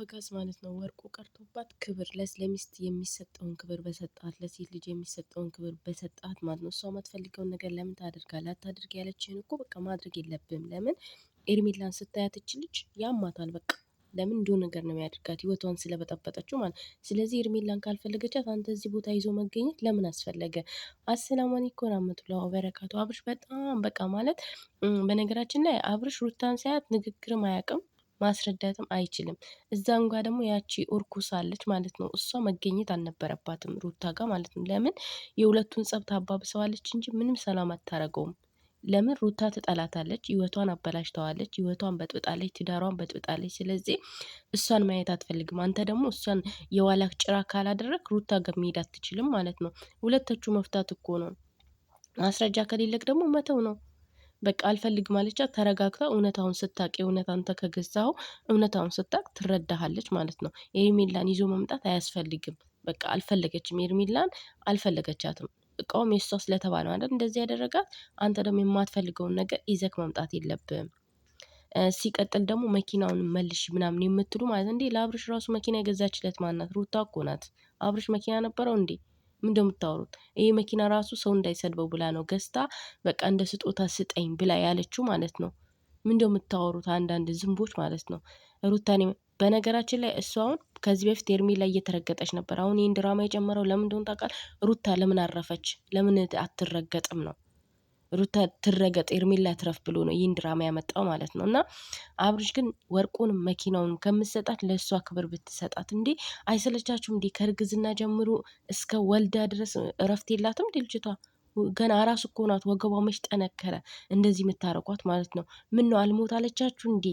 አበጋዝ ማለት ነው ወርቁ ቀርቶባት ክብር ለሚስት የሚሰጠውን ክብር በሰጣት ለሴት ልጅ የሚሰጠውን ክብር በሰጣት ማለት ነው። እሷ ማትፈልገውን ነገር ለምን ታደርጋ? ላታደርግ ያለችህን እኮ በቃ ማድረግ የለብም። ለምን ኤርሜላን ስታያትች ልጅ ያማታል። በቃ ለምን እንዲሁ ነገር ነው የሚያደርጋት ህይወቷን ስለበጠበጠችው ማለት ነው። ስለዚህ ኤርሜላን ካልፈለገቻት አንተ እዚህ ቦታ ይዞ መገኘት ለምን አስፈለገ? አሰላሙ አለይኩም ወራህመቱላሂ ወበረካቱ። አብርሽ በጣም በቃ ማለት በነገራችን ላይ አብርሽ ሩታን ሳያት ንግግርም አያውቅም ማስረዳትም አይችልም። እዛም ጋር ደግሞ ያቺ እርኩስ አለች ማለት ነው። እሷ መገኘት አልነበረባትም ሩታ ጋር ማለት ነው። ለምን የሁለቱን ጸብት አባብሰዋለች እንጂ ምንም ሰላም አታረገውም። ለምን ሩታ ትጠላታለች፣ ህይወቷን አበላሽተዋለች፣ ህይወቷን በጥብጣለች፣ ትዳሯን በጥብጣለች። ስለዚህ እሷን ማየት አትፈልግም። አንተ ደግሞ እሷን የዋላክ ጭራ ካላደረግ ሩታ ጋር መሄድ አትችልም ማለት ነው። ሁለታችሁ መፍታት እኮ ነው። ማስረጃ ከሌለቅ ደግሞ መተው ነው። በቃ አልፈልግ ማለቻ ተረጋግታ እውነታውን ስታቅ የእውነት አንተ ከገዛኸው እውነታውን ስታቅ ትረዳሃለች ማለት ነው። ሄርሜላን ይዞ መምጣት አያስፈልግም። በቃ አልፈለገችም ሄርሜላን አልፈለገቻትም። እቃውም የእሷ ስለተባለ ማለት እንደዚህ ያደረጋት። አንተ ደግሞ የማትፈልገውን ነገር ይዘክ መምጣት የለብም። ሲቀጥል ደግሞ መኪናውን መልሽ ምናምን የምትሉ ማለት እንዴ! ለአብርሽ ራሱ መኪና የገዛችለት ማናት? ሩታ እኮ ናት። አብርሽ መኪና ነበረው እንዴ? ምን እንደምታወሩት ይሄ መኪና ራሱ ሰው እንዳይሰድበው ብላ ነው ገዝታ በቃ እንደ ስጦታ ስጠኝ ብላ ያለችው ማለት ነው። ምን እንደምታወሩት አንዳንድ ዝንቦች ማለት ነው። ሩታኔ በነገራችን ላይ እሱ አሁን ከዚህ በፊት ኤርሚ ላይ እየተረገጠች ነበር። አሁን ይህን ድራማ የጨመረው ለምን እንደሆነ ታውቃል? ሩታ ለምን አረፈች? ለምን አትረገጥም ነው ሩታ ትረገጥ ኤርሜላ ትረፍ ብሎ ነው ይህን ድራማ ያመጣው ማለት ነው። እና አብርሽ ግን ወርቁን መኪናውን ከምትሰጣት ለእሷ ክብር ብትሰጣት እንዴ! አይሰለቻችሁም እንዴ? ከእርግዝና ጀምሮ እስከ ወልዳ ድረስ እረፍት የላትም እንዴ ልጅቷ? ገና አራስ እኮ ናት። ወገቧ መች ጠነከረ? እንደዚህ የምታረጓት ማለት ነው። ምን ነው አልሞት አለቻችሁ እንዴ?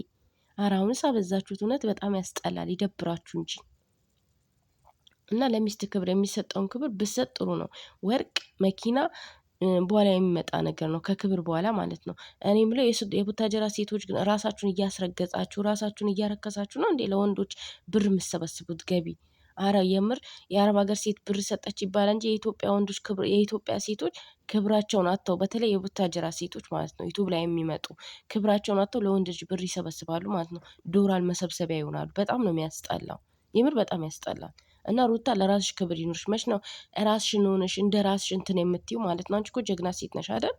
አራውንስ አበዛችሁት። እውነት በጣም ያስጠላል። ይደብራችሁ እንጂ እና ለሚስት ክብር የሚሰጠውን ክብር ብሰጥ ጥሩ ነው። ወርቅ መኪና በኋላ የሚመጣ ነገር ነው ከክብር በኋላ ማለት ነው። እኔ የምለው የቡታጀራ ሴቶች ግን ራሳችሁን እያስረገጻችሁ ራሳችሁን እያረከሳችሁ ነው እንዴ ለወንዶች ብር የምሰበስቡት ገቢ? አረ የምር የአረብ ሀገር ሴት ብር ሰጠች ይባላል እንጂ የኢትዮጵያ ወንዶች ክብር የኢትዮጵያ ሴቶች ክብራቸውን አጥተው በተለይ የቡታጀራ ሴቶች ማለት ነው ዩቱብ ላይ የሚመጡ ክብራቸውን አጥተው ለወንዶች ብር ይሰበስባሉ ማለት ነው። ዶራል መሰብሰቢያ ይሆናሉ። በጣም ነው የሚያስጠላው። የምር በጣም ያስጠላል እና ሩታ ለራስሽ ክብር ይኑርሽ። መች ነው ራስሽን ሆነሽ እንደ ራስሽ እንትን የምትይው ማለት ነው? አንቺ እኮ ጀግና ሴት ነሽ አይደል?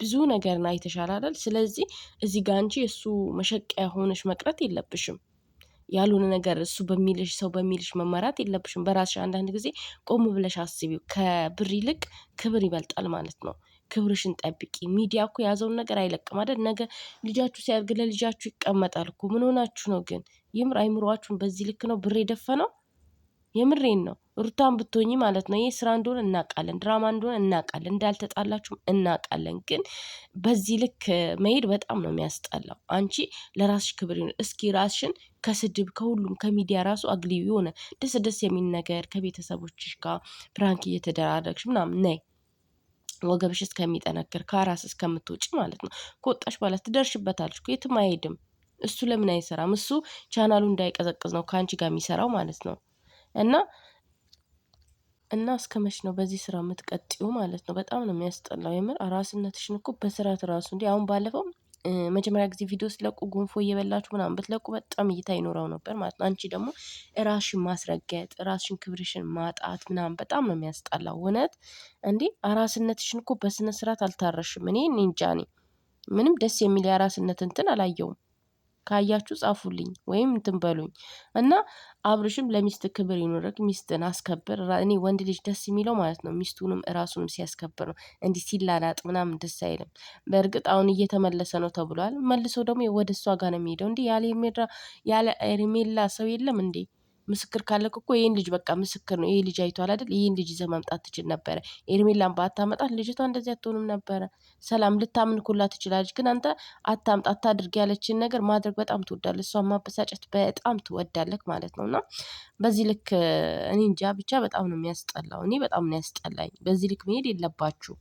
ብዙ ነገርን አይተሻል አይደል? ስለዚህ እዚህ ጋር አንቺ እሱ መሸቀያ ሆነሽ መቅረት የለብሽም። ያልሆነ ነገር እሱ በሚልሽ ሰው በሚልሽ መመራት የለብሽም። በራስሽ አንዳንድ ጊዜ ቆም ብለሽ አስቢው። ከብር ይልቅ ክብር ይበልጣል ማለት ነው። ክብርሽን ጠብቂ። ሚዲያ እኮ የያዘውን ነገር አይለቅም አይደል? ነገ ልጃችሁ ሲያድግ ለልጃችሁ ይቀመጣል እኮ። ምን ሆናችሁ ነው ግን? ይምር አይምሯችሁን በዚህ ልክ ነው ብር የደፈነው። የምሬን ነው። ሩታን ብትኝ ማለት ነው ይህ ስራ እንደሆነ እናውቃለን፣ ድራማ እንደሆነ እናውቃለን፣ እንዳልተጣላችሁም እናውቃለን። ግን በዚህ ልክ መሄድ በጣም ነው የሚያስጠላው። አንቺ ለራስሽ ክብር ይሁን እስኪ ራስሽን ከስድብ ከሁሉም ከሚዲያ ራሱ አግሊዩ የሆነ ደስ ደስ የሚል ነገር ከቤተሰቦችሽ ጋር ፕራንክ እየተደራረግሽ ምናምን ነይ ወገብሽ እስከሚጠነክር ከራስ እስከምትወጭ ማለት ነው። ከወጣሽ በኋላ ትደርሽበታለሽ። የትም አይሄድም። እሱ ለምን አይሰራም? እሱ ቻናሉ እንዳይቀዘቅዝ ነው ከአንቺ ጋር የሚሰራው ማለት ነው። እና እና እስከመች ነው በዚህ ስራ የምትቀጥዩ ማለት ነው? በጣም ነው የሚያስጠላው። የምር ራስነትሽን እኮ በስርዓት ራሱ እንዲ አሁን ባለፈው መጀመሪያ ጊዜ ቪዲዮ ስለቁ ጉንፎ እየበላችሁ ምናምን ብትለቁ በጣም እይታ ይኖረው ነበር ማለት ነው። አንቺ ደግሞ ራስሽን ማስረገጥ ራስሽን ክብርሽን ማጣት ምናምን በጣም ነው የሚያስጠላው። እውነት እንዴ አራስነትሽን እኮ በስነ ስርዓት አልታረሽም። እኔ እንጃ እኔ ምንም ደስ የሚል የአራስነት እንትን አላየሁም ካያችሁ ጻፉልኝ ወይም እንትን በሉኝ እና አብርሽም ለሚስት ክብር ይኑርክ ሚስትን አስከብር እኔ ወንድ ልጅ ደስ የሚለው ማለት ነው ሚስቱንም እራሱንም ሲያስከብር ነው እንዲህ ሲላላጥ ምናምን ደስ አይልም በእርግጥ አሁን እየተመለሰ ነው ተብሏል መልሶ ደግሞ ወደ እሷ ጋር ነው የሚሄደው እንዲህ ያለ ሄሜላ ሰው የለም እንዴ ምስክር ካለክ እኮ ይህን ልጅ በቃ ምስክር ነው፣ ይህ ልጅ አይቷል አይደል? ይህን ልጅ ይዘህ መምጣት ትችል ነበረ። ኤርሜላን ባታመጣት ልጅቷ እንደዚህ አትሆንም ነበረ። ሰላም ልታምን ኩላ ትችላለች፣ ግን አንተ አታምጣ አታድርግ ያለችን ነገር ማድረግ በጣም ትወዳለህ። እሷ ማበሳጨት በጣም ትወዳለክ ማለት ነው። እና በዚህ ልክ እኔ እንጃ ብቻ በጣም ነው የሚያስጠላው። እኔ በጣም ነው ያስጠላኝ። በዚህ ልክ መሄድ የለባችሁ።